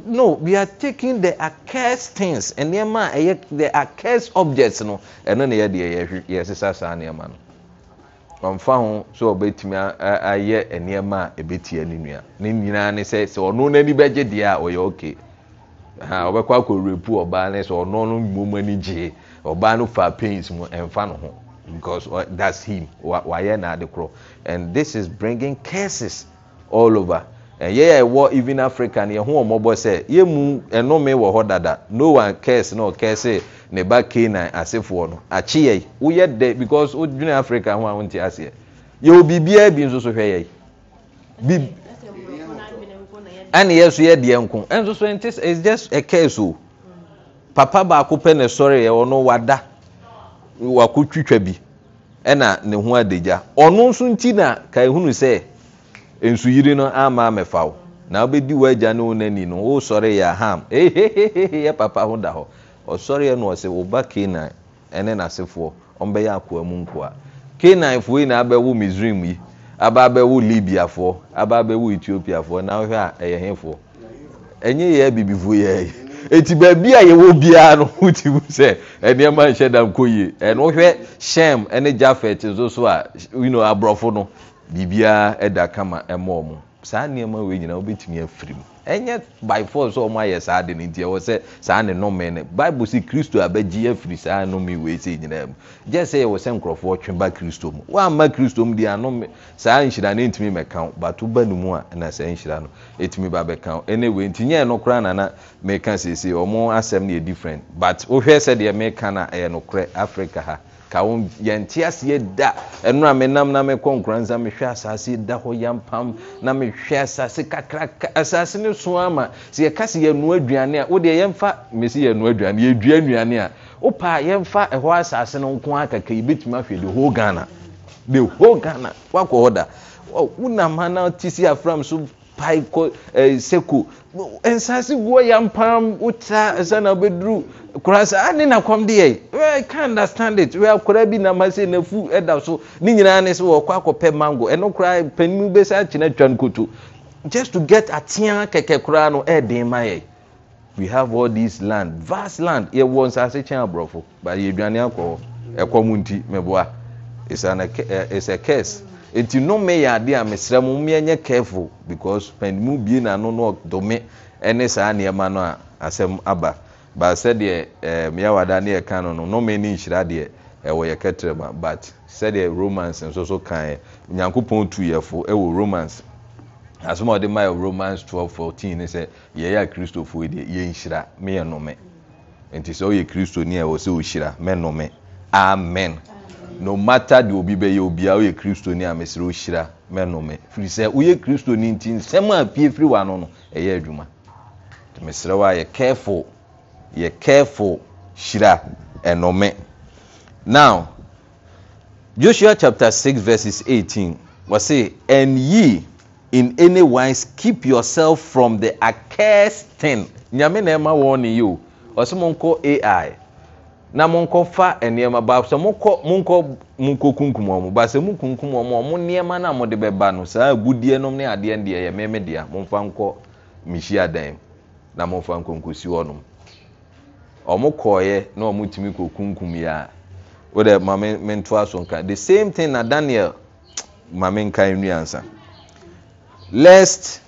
no we are taking the accursed things nneɛma a ɛyɛ the accursed objects no ɛno na yɛ deɛ yɛhwɛ yɛsesa saa nneɛma no ɔnfa ho sɛ ɔbɛtumi ayɛ nneɛma eh, a eh, ɛbɛtia ne nua ne nyinaa ne sɛ sɛ ɔno n'ani bɛgye deɛ a ɔyɛ okay ha ɔbɛkɔ akɔrepu ɔbaa ne sɛ ɔno no mmom ani gyee ɔbaa no fa pains mu ɛnfa no ho because uh, that's him wayɛ n'ade korɔ and this is bringing curses all over. ɛyɛ eh, ɛwɔ even africa no yɛho ɔmmɔbɔ sɛ yɛmu ɛnome wɔ hɔ dada one kars na ɔkɛse ne ba kana asefoɔ no akye yɛi woyɛ dɛ because wodwene africa ho a wonti aseɛ yɛwɔ biribiaa bi nso so hwɛ yɛi ane yɛ so yɛdeɛ nko ɛnso so ntis just ɛkars o papa baako pɛ ne sɔre ɛwɔ no wada wakɔ twitwa bi ɛna ne ho adagya ɔno nso nti na ka ɛhunu sɛ nso yiri no ama amɛfawo na wobɛdi agya na ọ nani no woresɔreeɛ aham eh, ya papa ho da ọ hɔ ɔsɔreɛ no ɔsɛ wo ba kanan ɛne n'asefoɔ ọ akoa ya nkoa kanaanfoɔ yinaa bɛwo misraim yi na-abawo mizrim yi abaa bɛwo libiafoɔ abaa bɛwo ethiopiafoɔ na wohwɛ a ɛyɛ ya ɛnyɛ yɛ ya eyi eti beebi a yɛwɔ biara no *laughs* wotim sɛ ɛnoɔma nhyɛ damkɔ yie ɛno wohwɛ shem ne jafet nso so a abụrọfo nọ. biribiaa ɛda kama ɛma ɔmo saa nneɛma wei nyinaa wobɛtumi afiri mu ɛnyɛ by force sɛ ɔmo ayɛ saa de no nti ɛwɔ sɛ saa ne nnome no bible sɛ kristo abɛgye afiri saa nnome wei sɛ nyinaa mu gye sɛ yɛwɔ sɛ nkurɔfoɔ twe ba kristo mu woamma kristo mu deɛ anome saa nhyira no ntumi mɛka wo bato ba no mu a ɛna saa nhyira no ɛtumi ba bɛka wo ɛne wei nti nyɛ ɛnokorɛ nana meka seesei ɔmo asɛm no yɛ different but wohwɛ sɛdeɛ meka no a ɛyɛ nokorɛ africa ha kawo yɛnte aseɛ da ɛno a menam na mekɔ nkora nsa mehwɛ asase da hɔ pam na mehwɛ asase kakraka asase no so ama sɛ yɛka se yɛnoa aduane a wodeɛ yɛmfa mesi yɛnoa aduane yɛdua nnuane a wopa a yɛmfa ɛhɔ asase no nko akaka yɛbɛtumi ahwɛ the whole ghana the whole ghana woakɔ hɔ da wonam ha na te si afram so sɛnsase ɛwonɛranaeikra binaasɛnaf da so ne nyinaa nes ɔkɔakɔpɛ mango ɛnapaibɛsɛkyena twan kto j atea kɛkɛ koraa no de mayɛ vl yɛw nsase kyɛn aborɔfo yɛdwane kɔɔɛk m nti eoa ss nti nnome yɛ adeɛ a mesrɛ mo meɛnyɛ careful because pɛn mu bie n'ano no dome ne saa nneɛma no a asɛm aba baa sɛdeɛ ɛɛ eh, meawada ne yɛka no no nnome ne nhyira deɛ ɛwɔ yɛ kɛtɛrɛ ma but sɛdeɛ romans nso so kan yɛ nyankopɔn tu yɛ fo ɛwɔ romans asom a ɔde ma yɛ romans twelve fourteen ne sɛ yɛyɛ a kristofoɔ deɛ yɛ nhyira meyɛ nnome nti sɛ ɔyɛ kristo ni a ɛwɔ sɛ ɔhyira mɛ nnome amen no matter deɛ obi obi, obiaa woyɛ kristoni a mesrɛ wohyira mɛnome firi sɛ woyɛ kristoni nti nsɛm a pie firi wano no ɛyɛ adwuma nti mesrɛ wo a yɛ careful yɛ careful hyira ɛnome now joshua chapter 6 verses 18 wɔse and ye in any wise keep yourself from the accursed thing nyame na ɛma wɔn ne yi o ɔsɛ mo nkɔ ai na monkɔfa nnoɔma ba sɛ monkɔkunkum ɔ m ba sɛ mukunkum ɔ m ɔmo nnoɔma no mode bɛba no saa agudiɛ nom ne adeɛ deɛ yɛ meme dea momfa nkɔ mehyiadan na momfa nkɔnkɔsi hɔ nom ɔmo kɔɔeɛ na ɔmotumi kɔkunkum yɛ a wode ma mentoa so nka the same thing na daniel ma menkan nnuansa lest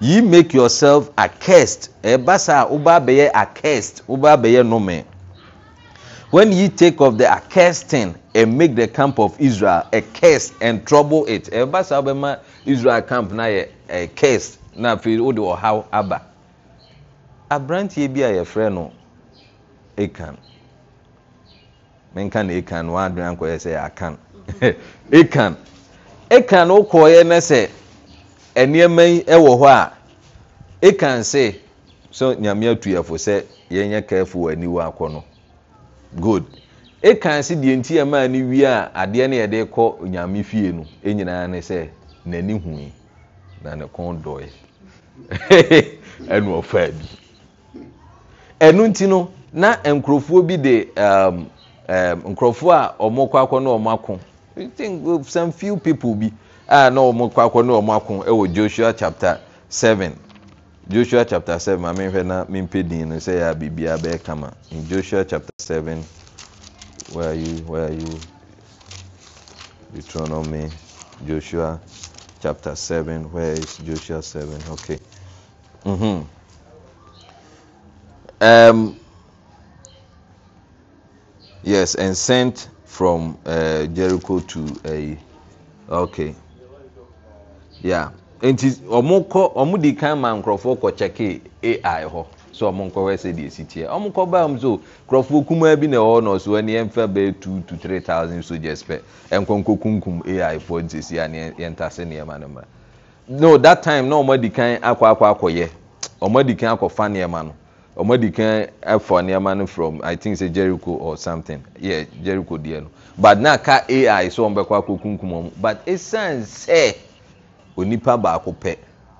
ye make yourself accursed ɛba saa wobaa bɛyɛ accursed wobaa bɛyɛ nome when ye take of the accursed thing and make the camp of Israel a curse and trouble it ɛba saa bɛma Israel camp na yɛ a curse na afei o de ɔhaw aba aberanteɛ bi a yɛfrɛ no Akan menka na Akan no wadwene ankɔyɛ sɛ Akan Akan Akan no kɔɔyɛ na sɛ nneɛma yi wɔ hɔ a Akan sɛ so nyame atu yɛfo sɛ yɛnyɛ careful wɔ aniwa akɔ no. good ɛkan e se deɛ nti ɛmaa no wie a adeɛ no yɛde kɔ onyame fie no ɛnyinaa e ne sɛ n'ani hui na ne kɔn dɔɛ *laughs* ɛno ɔfa bi ɛno nti no na nkurɔfoɔ bi de nkurɔfoɔ a ɔmo kɔ akɔ ne ɔmo ako some few people bi a na ɔmo kɔ akɔ ne ɔmo ako ɛwɔ Joshua chapter seven. josua chapter 7 a mehwɛ na mempɛdin no sɛ yɛabiribiaa bɛɛka ma in josua chapter 7 ee areyou utronomy josua chapter 7 where is josua 7 ok mm-hmm. um, yes and sent from uh, jericho to ai ok yea nti wɔn kɔ wɔn di kan ma nkurɔfoɔ kɔ kyɛke ai hɔ so wɔn nkɔ hɔ sɛ deɛ si tie wɔn kɔ baa mu so nkurɔfoɔ kumaa bi na ɛwɔ na ɔso ɛni yɛnfɛ bɛyɛ two to three thousand soldiers pɛ nkɔnkɔ kunkum ai foɔ nsesi a yɛnta se nneɛma no ma no that time na wɔn di kan akɔ akɔ akɔyɛ wɔn di kan akɔfa nneɛma no wɔn di kan ɛfɔ nneɛma no from i think say jericho or something yeah jericho deɛ no but na ka ai so wɔn bɛkɔ akɔ kunkum wɔn but esan sɛ onipa baako pɛ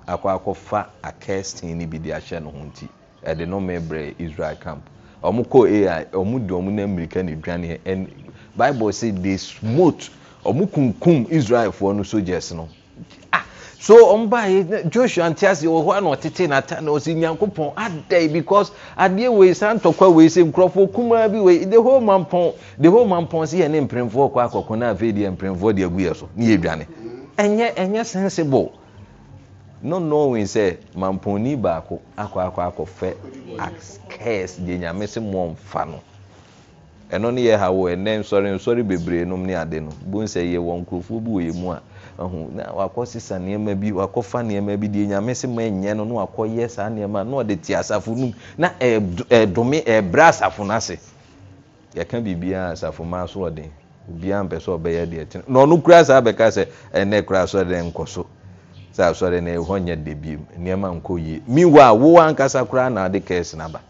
akɔ akɔfa akɛsten no bi de ahyɛ ne ho nti ɛde nome brɛ israel camp ɔmo kɔ ai ɔmo de ɔmo na mmirika ne dwaneɛ ɛn bible say they smote ɔmo kunkum israelfoɔ no soldiers no ah so ɔmo baayɛ joshua nti ase wɔ hɔ na ɔtete n'ata na ɔsi nyankopɔn adai because adeɛ wei san tɔkwa wei se nkurɔfoɔ kumaa bi wei the whole man pɔn the whole man pɔn si yɛ ne mpanimfoɔ kɔ akɔkɔ na afei deɛ mpanimfoɔ deɛ agu yɛ so ne yɛ dwane ɛnyɛ ɛnyɛ sensible no knowing sɛ mamponi baako akɔ akɔ akɔ fɛ scarce deɛ nyame se mo mfa no ɛno ne yɛ ha wo ɛnɛ nsɔre nsɔre bebree nom ne ade no bu yɛ wɔ nkurɔfoɔ bi wɔ yɛ mu a ɛho na wakɔ sisa nneɛma bi wakɔ fa nneɛma bi deɛ nyame se mo ɛnyɛ no na wakɔ yɛ saa nneɛma na ɔde te asafo num na ɛdome ɛbrɛ asafo no ase yɛka biribiara asafo maa so ɔden obiaa mpɛ sɛ ɔbɛyɛ deɛ kyene na ɔno kura saa bɛka sɛ ɛnɛ kora asɔrede nkɔ so saa asɔre no ɛhɔ nyɛ da biom nnoɔma nkɔ yie mewa a wo ankasa koraa nawade kɛɛse no ba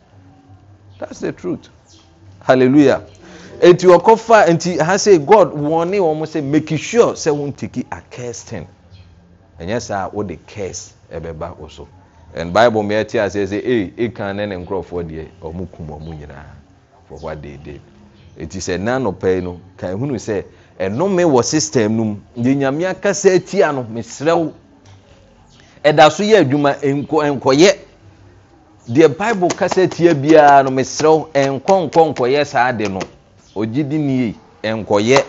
that's the truth halleluja ɛnti ɔkɔfa nti ha sei god wɔne wɔ m sɛ meki sure sɛ wontiki acastin ɛnyɛ saa wode cars bɛba wo so n bible meɛte aseɛ sɛ ɛka ne ne nkurɔfoɔ deɛ ɔmo kum ɔmo nyinaa fɔ hɔ a deded ɛti sɛ na nɔpɛi no kan hunu sɛ ɛnome wɔ system no mu deɛ nyame akasa atia no mesrɛ wo ɛda so yɛ adwuma nkɔyɛ deɛ bible kasa tia biara no mesrɛ wo ɛnkɔnkɔ nkɔyɛ saa de no ɔgye di nie ɛnkɔyɛ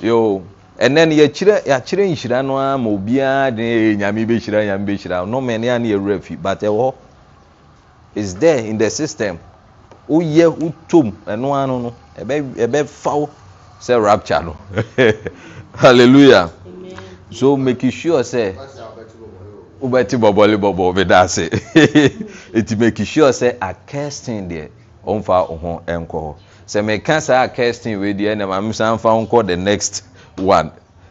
yo ɛnɛ no yɛkyerɛ yɛakyerɛ nhyira no ara ma obiara de ɛyɛ nyame bɛhyira nyame bɛhyira nɔmɛ ne a ne yɛwura fi but ɛwɔ is there in the system woyɛ wotom No, no, no ɛbɛfa wo sɛ rapture no *laughs* hallelujah Amen. so *laughs* make sure sɛ wobɛte bɔbɔle bɔbɔ bɛda ase ɛti make sure sɛ acasting deɛ ɔmfa wo ho nkɔ hɔ sɛ meka saa acasting wei deɛ ɛnam san fa nkɔ the next one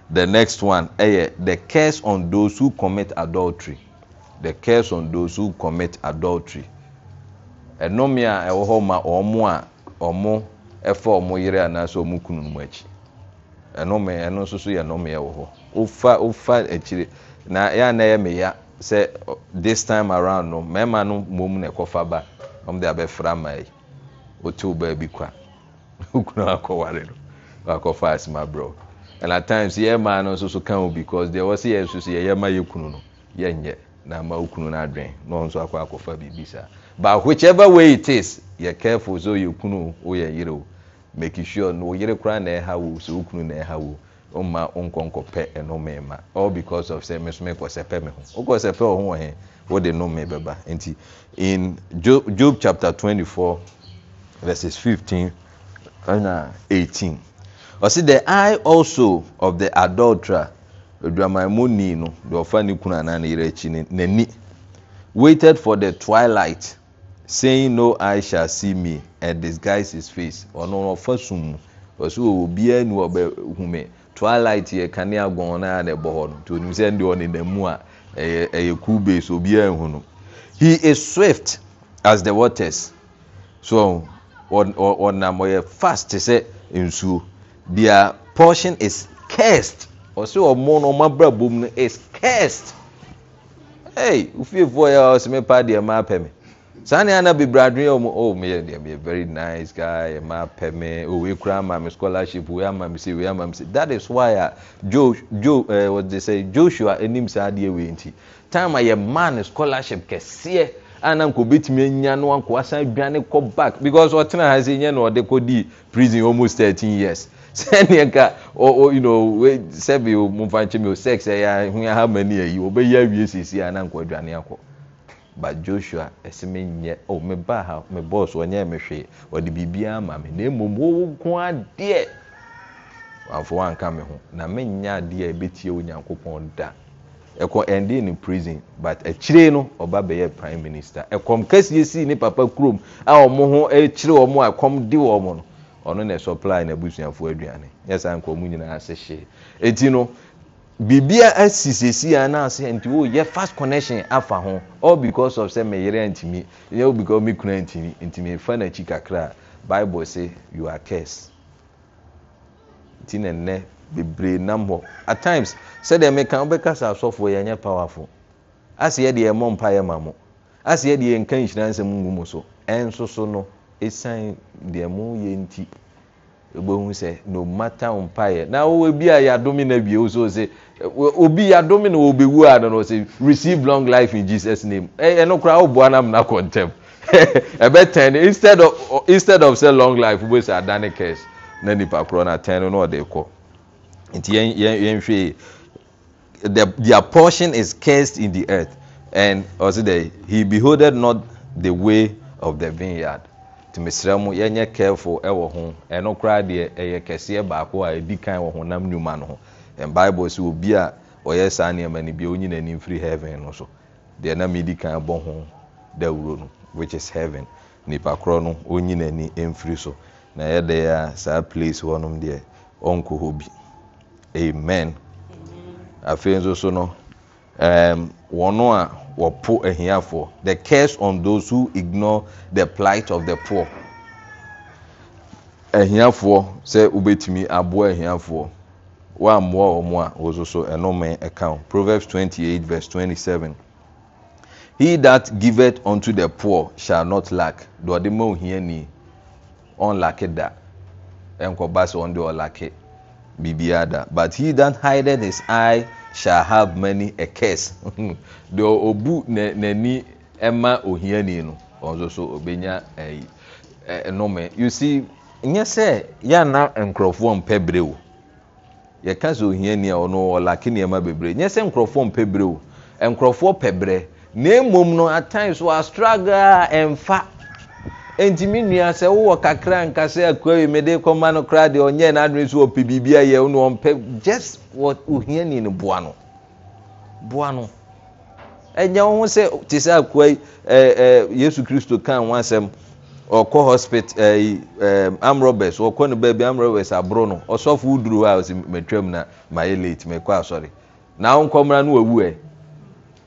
the next one ɛyɛ eh, the curse on those who commit adultery the curse on those who commit adultery ɛnome eh, a ɛwɔ hɔ ma ɔmo a ɔmo ɛfa ɔmo yere anaasɛ ɔmo kunu no mu akyi ɛnome ɛno nso so yɛ nomeɛ wɔ hɔ wofa wofa akyire na yɛ ana yɛ meya sɛ this time around no mmarima no na ɛkɔfa ba ɔmo de abɛfra ma yi otu baabi kwa *laughs* okunu akɔware no akɔfa asima brɔ and at times yɛ mmaa no nso so ka ho because deɛ wɔsi yɛ nso so yɛ yɛ yɛ kunu no yɛ nyɛ na ama okunu adwene na ɔno nso akɔ akɔfa biribi saa but whichever way it is yɛ careful so yɛ kunu o yɛ yere o. make sure no yere kura na ɛha wo so okunu na ɛha wo ɔma nkɔnkɔpɛ ɛnome ma all because of sɛ mesome kɔsɛpɛ me ho wokɔsɛpɛ wɔ ho wɔ de wode nome bɛba nti in job, job chapter four verses fifteen ɛna eighteen. ɔsi the eye also of the adulterer odwamanmoni no deɛ ɔfa ne kunu anaa ne yere akyi ne n'ani waited for the twilight saying no eye shall see me and disguise his face ɔno ɔfa sum ɔsɛ obiara nu ɔbɛ hume twilight yɛ kanea gɔn na na ɛbɔ hɔ no nti onim sɛ deɛ ɔne nam mu a ɛyɛ ɛyɛ cool base obiara hu no he is swift as the waters so ɔnam ɔyɛ fast sɛ nsuo their portion is cursed ɔsɛ ɔmo no ɔmo abrabom no is cursed hey ofiefoɔ yɛ ɔsɛ mi pa deɛ maa pɛ mi. saa neɛ ana bebrɛedwenemv oh, nc gmapɛme oh, kra mame schlarship thatis why sɛ josua ni saadewenti timeayɛ maa no scolarship kɛseɛ ana nkɔbɛtumi anyan ankɔasa adwane kɔ back becuse ɔtena asyɛno ɔde kɔdi prison mos 13 yeas sefksɛmanɔbɛyɛwiessnanɔadwane akɔ ba joshua ɛsɛ mi nyɛ o oh, mi ba ha mi bɔs ɔnyɛ mi hwee ɔde biribi ama mi na emom wɔwɔ ko adeɛ wafɔ wanka mi ho na mi nya adeɛ a ebetie onyankopɔn da ɛkɔ ɛnde ne prison but akyire no ɔba bɛyɛ prime minister ɛkɔm kɛseɛ si ne papa kurom a wɔn ho akyire wɔn a ɛkɔm di wɔn no ɔno na supply na abusuafoɔ aduane nyɛ saa nkɔm nyinaa ase hyɛ eti no. biribia asi sesi a na ase nti o yɛ fast connection afa ho all because of sɛ meyere ntumi all because me kura ntumi ntumi fa n'akyi kakra bible say you are cursed ti na nnɛ bebree nam hɔ at times sɛdeɛ meka wobɛka sɛ asɔfoɔ yɛnyɛ powerful ase yɛ deɛ ɛmmɔ mpa yɛ ma mo ase yɛ deɛ nka nhyira nsɛm ngu mu so ɛnso so no ɛsiane deɛ mo yɛ nti wobɛhu sɛ no matter mpa yɛ na wowɔ bi a yɛadome no awie wo so sɛ obi yadome na obewu a na ɔsɛ receive long life in jesus name ɛno e, koraa ɔboa nam na kɔntɛm ɛbɛ *laughs* ten instead of instead of say long life wo sɛ adane cash na nipa korɔ na ten no ɔde kɔ nti yɛn yɛn yɛn hwɛ the their portion is cursed in the earth and ɔsɛ de he beholded not the way of the vineyard tìmísirẹ mu yɛn nyɛ careful ɛwɔ ho ɛno koraa deɛ ɛyɛ kɛseɛ baako a edi kan wɔ honam nnwuma no ho. bible sɛ ɔbia ɔyɛ saa nnoɛmani bia ɔnyinani mfiri heaven no so deɛ namedi ka bɔho dawrn wichis hav nipakorɔ no ɔyinani mfiri so nayɛdɛasaa place hɔndeɛɔbimafinssno um, wɔno a wɔpo ahiafoɔ the cares o thos whoigno the pligt of the por ahiafoɔ sɛ wobɛtumi aboa ahiafoɔ wɔammoa wɔ mo a wo so so ɛnome ɛka wo proverbs 28 verse 27 he that giveth unto the poor shall not lack deɛ ɔde ma ohia ni ɔnlake da ɛnkɔba sɛ ɔn de ɔlake biribiara da but he that hideth his eye shall have many a curse *laughs* deɛ ɔbu n'ani ɛma ohia ni no ɔn so so ɔbɛnya ɛyi ɛnome you see nyɛ sɛ yɛn na nkurɔfoɔ mpɛ bere o yɛka sɛ ohiani a ɔno ɔlake nneɛma bebree nyɛ sɛ nkurɔfoɔ mpɛ brɛ o nkurɔfoɔ pɛ brɛ na mmom no At atan so astruggle a ɛmfa nti me nua sɛ wowɔ kakra nka sɛ akoawi mede kɔma no koraa deɛ ɔnyɛ n'adwene so ɔpɛ biribi ayɛ wo no ɔmpɛ just ohiani no boa no boa no ɛnyɛ wo ho sɛ te sɛ akoa yesu kristo kan ho asɛm ɔkɔ hospital eh, eh, amrobes ɔkɔ no baabi amrobes aboro no ɔsɔfo woduru hɔ a ɔsi matwam na mayɛ late mɛkɔ asɔre na wo no wawu ɛ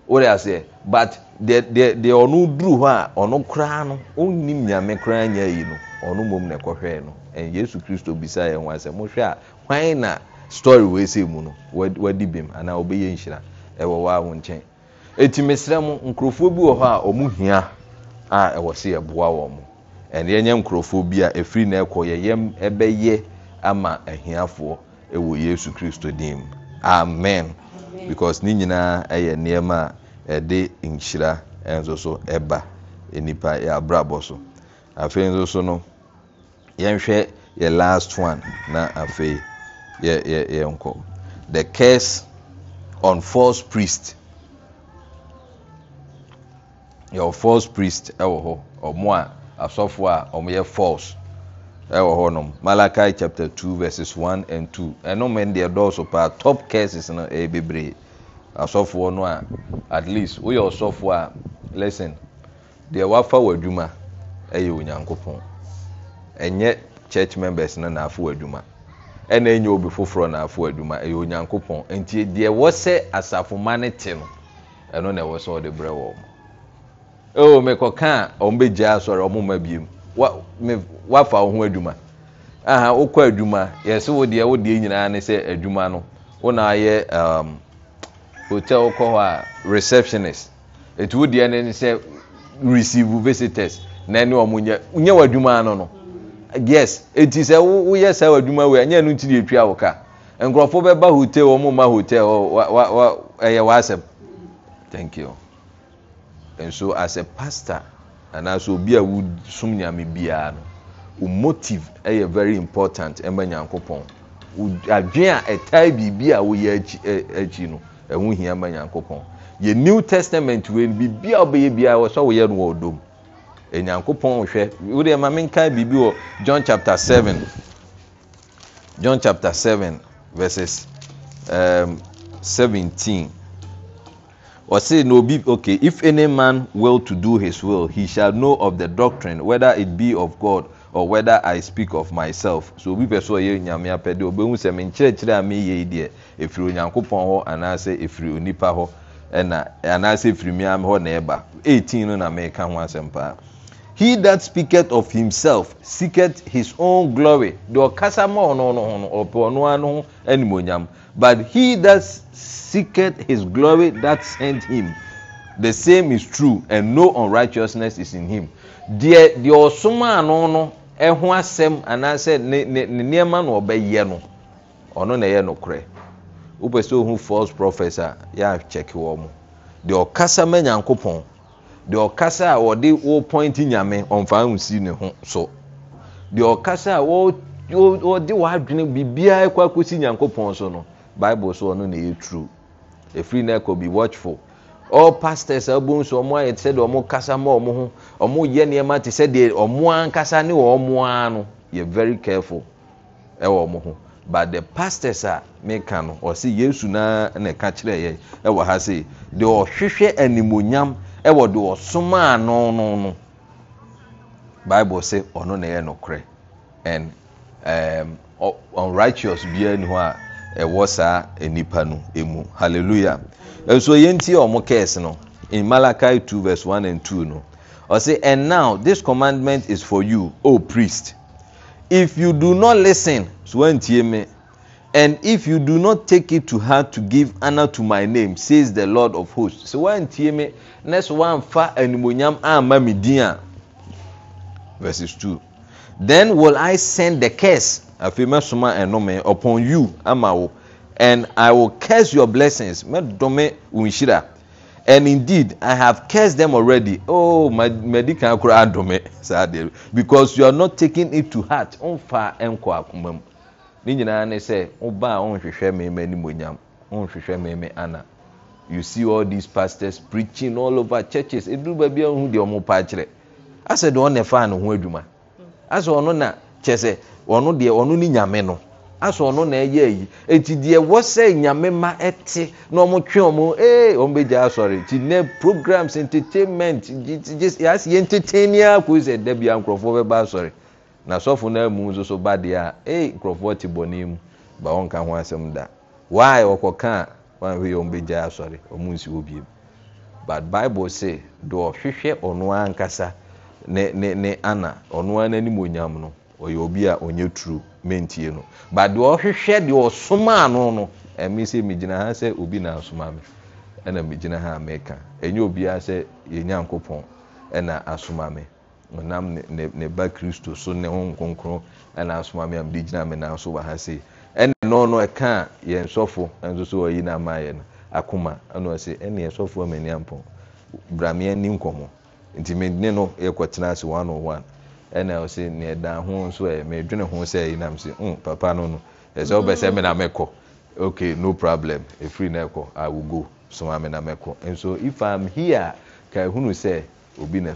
wode aseɛ but deɛ ɔno duru hɔ a ɔno koraa no ɔnnim nyame koraa nya yi no ɔno mmom na no ɛn yesu kristo bisa yɛn ho asɛ mohwɛ a hwan na story mu no wadi bim nhyira ɛwɔ nkyɛn mesrɛ nkurɔfoɔ bi wɔ hɔ a yɛnyɛ nkurɔfoɔ bi a ɛfiri na ɛkɔ yɛy bɛyɛ ama ahiafoɔ wɔ yesu kristo nimu amen because ne nyinaa ɛyɛ nnoɛma a ɛde nhyira nso so ɛba nipa yɛabrabɔ so afei nso so no yɛnhwɛ yɛ last one na afei yɛnkɔ the case on fs priest yɛɔ fs priest ɛwɔ hɔ ɔmoa asɔfoɔ a ɔmoyɛ fals ɛwɔ hɔnom malakai chapter two verses one and 2 ɛnome deɛ dɔɔso paa top cases no ɛyɛ bebree asɔfoɔ no a at least woyɛ ɔsɔfoɔ a lesson deɛ wafa w'adwuma ɛyɛ onyankopɔn ɛnyɛ church members no naafo w'adwuma ɛna ɛnyɛ obi foforɔ naafo w'adwuma ɛyɛ onyankopɔn nti deɛ wɔ sɛ asafoma no te no ɛno na ɛwɔ sɛ ɔde brɛ wɔ mo mekɔkaa ɔmbɛgyaa asɔre ɔmoma bimu woafa wafa ho adwuma aha wokɔ adwuma yɛse wo deɛ wodeɛ nyinaa ne sɛ adwuma no wona ayɛ um, hotel wokɔ hɔ a receptionist wo deɛ ne sɛ receive visitors na ɛne ɔmyɛ nyɛ w'adwumaa no no yes eti sɛ woyɛ saa w'adwuma wei anyɛ no ntide ɛtwa wo ka hotel hotel ɛyɛ thank you nso a pastor anaasɛ obi a wosom nyame biara no wo motive yɛ very important ma nyankopɔn adwene a ɛtae biribi a woyɛ akyi no ɛho hia ma nyankopɔn yɛ new testament wei no biribi a wobɛyɛ biara wɔ sɛ woyɛ no wɔ ɔdɔ mu nyankopɔn hwɛ wodeɛ ma menka biribi wɔ john chapter seven. john chapter seven, verses um, ɔse na obi okay if any man will to do his will he shall know of the doctrine whether it be of god or whether i speak of myself so obi pɛ so ɔyɛ nyame apɛde obehu sɛ me nkyerɛkyerɛ a meyɛ yi deɛ efiri onyankopɔn hɔ anaasɛ efiri onipa hɔ ɛna anaasɛ efiri mi hɔ na ɛba eighteen no na meka ho asɛm paa he that speaketh of himself seeketh his own glory deɛ ɔkasa ma ɔno no ho no ɔpɛ ano ho but he that seeketh his glory that sent him the same is true and no unrighteousness is in him deɛ deɛ ɔsoma ano no ɛho asɛm anaasɛ ne ne ne nneɛma na ɔbɛyɛ no ɔno na ɛyɛ no korɛ wopɛ ohun false prophets a yɛ akyɛke wɔn deɛ ɔkasa ma nyankopɔn. deɛ ɔkasa a ɔde wo point nyame ɔmfa ho si ne ho so deɛ ɔkasa a ɔde w'adwene biribiaa ɛkɔ akɔsi nyankopɔn so no bible so ɔno na ɛyɛ true ɛfiri na ɛkɔ bi watchful all pastors a wobɛhu so ɔmo ayɛ te sɛdeɛ ɔmo kasa ma ɔmo ho ɔmo yɛ nneɛma te sɛdeɛ ɔmo ankasa ne ɔmo ara no yɛ very careful ɛwɔ ɔmo ho but the pastors a meka no ɔsi yesu na na ɛka kyerɛ yɛ ɛwɔ ha sei deɛ ɔhwehwɛ animonyam ɛwɔ de ɔsomaa no no no bible sɛ ɔno na ɛyɛ nokorɛ and um, unrighteous biara ni hɔ a ɛwɔ saa nipa no mu hallelujah nso yɛn ti ɔmo kɛse no in malachi two verse one and two no ɔsɛ and now this commandment is for you o priest if you do not listen so wɔn tie me. And if you do not take it to heart to give honor to my name, says the Lord of hosts. Sɛ wɔantie me na sɛ wɔamfa animonyam amma me din a. Verses two. Then will I send the curse, afei mɛsoma upon you ama and I will curse your blessings. Mɛdome wo And indeed, I have cursed them already. Oh, my, kan koraa adome *laughs* saa deɛ because you are not taking it to heart. Ɔnfa ɛnkɔ akoma ne nyinaa ne sɛ a ɔnhwehwɛ mema nimonyam ɔnhwehwɛ ana you see all these pastors preaching all over churches ɛduru baabi a wohu deɛ ɔmo pa akyerɛ asɛ deɛ faa ne ho adwuma asɛ na kyɛ sɛ ɔno deɛ ɔno ne nyame no asɛ na ɛyɛ yi eti deɛ wɔsɛ nyame ma ɛte na ɔmo ọmụ ɔmo ee ɔmo bɛ gya asɔre ti nɛ programs entertainment just yɛ ya kò sɛ na sɔfo no amu nso so ba deɛ a ee nkurɔfoɔ te bɔne mu ba wɔnka ho asɛm da wae wɔkɔka a wahwei ɔm bɛgyae asɔre ɔmo nsi hɔ biem but bible se deɛ ɔhwehwɛ ɔnoa ankasa ne ana ɔnoa noanim onyam no ɔyɛ obi a ɔnyɛ turo mentie no but deɛ ɔhwehwɛ deɛ ɔsomaa no no ɛme sɛ megyina ha sɛ obi na naasoma me ɛna megyina ha a meka ɛnyɛ obiaa sɛ yɛnyankopɔn ɛna asoma me ɔnam ne ba kristo so ne ho nkronkron ɛnasoma me a na gyina me nanso wɔ ha sei ɛne ɛno no ɛka a yɛn sɔfo ɛnso so ɔyi no amayɛ no akoma ɛna ɔsɛ ɛne yɛn sɔfo amani ampɔn bramea ni nkɔmmɔ nti me ne no yɛkɔtena ase one on oh one ɛna ɔsɛ ne ɛda ho nso ɛyɛ me dwene ho sɛ ɛyinam sɛ hmm, papa no no ɛsɛ ɔbɛ sɛ me na mɛkɔ Ok, no problem efiri na ɛkɔ i will go so ma nso if i'm here ka ehunu sɛ obi na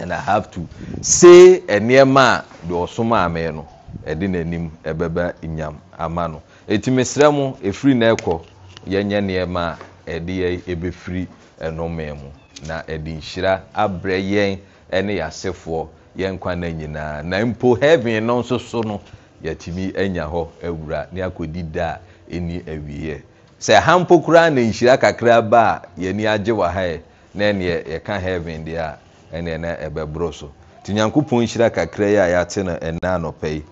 and i have to say nneɛma a deɛ ɔsom amee no ɛde n'anim ɛbɛba nyam ama no etimi srɛ mo efiri na ɛkɔ yɛnyɛ nneɛma a ɛde yɛ ebɛfiri ɛnɔmɛn mu na ɛde nhyira abrɛ yɛn ɛne yɛasefoɔ yɛn kwan na nyinaa na mpo heaven no nso so no yɛtumi anya hɔ awura ne akɔdi da a ɛni awieɛ sɛ ha mpo koraa na nhyira kakra ba a yɛni agye wɔ ha yɛ na ɛneɛ yɛka heaven deɛ a ɛne na ɛbɛborɔ so nti nyankopɔn nhyira kakra yi a yɛate no ɛna anɔpɛ yi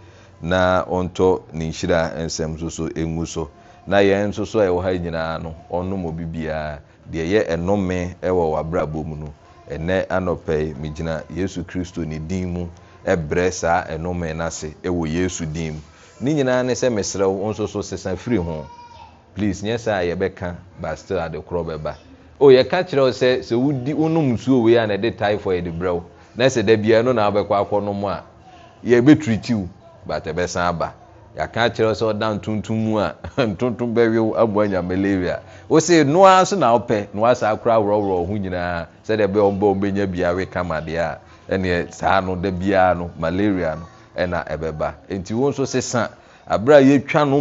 na ɔntɔ ne nhyira nsɛm soso ɛngu so na yɛn nso so a ɛwɔ ha nyinaa no ɔnom obi biara deɛ yɛ ɛnome ɛwɔ w'abrabɔ mu no ɛnɛ anɔpɛ yi megyina yesu kristo ne din mu ɛbrɛ saa ɛnome n'ase ɛwɔ yesu din mu ne nyinaa ne sɛ mesrɛ wo nso so sesa firi ho please nyɛ saa yɛbɛka but still ade korɔ bɛba yɛka kyerɛ wo sɛ sɛ wonom nsuowei a ɛde na sɛ da no na a aba yɛaka kyerɛ ɔda ntontom mu a ntontom bɛwew malaria na wopɛ na woasaa worɔworɔ ho nyinaa sɛdeɛ ɔmbɛnya kama a ɛneɛ saa no da no malaria no ɛna ɛbɛba ɛnti wo nso sesa a yɛtwa no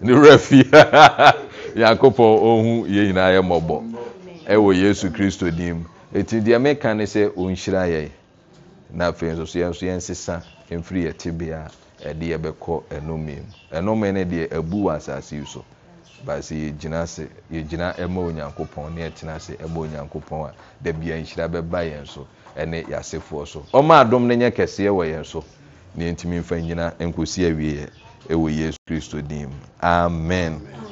ne werɛ fie *laughs* nyankopɔn ɔhu yɛ nyinaa yɛ mmɔbɔ ɛwɔ yesu kristo nim ɛti deɛ meka ne sɛ ɔnhyira yɛ na afei nso so yɛnso yɛnsesa mfiri yɛ tebea a ɛde yɛbɛkɔ ɛnome mu ɛnome no deɛ abu wɔ asase yi so baasi yɛgyina se, yɛgyina ɛma onyankopɔn ne yɛtena ase ɛma onyankopɔn a dabi a bɛba yɛn so ɛne yasefoɔ so ɔma adom no nyɛ kɛseɛ wɔ yɛn so ne yɛntumi mfa nyina nkɔsi awieɛ ɛwɔ yesu kristo dim amen. amen.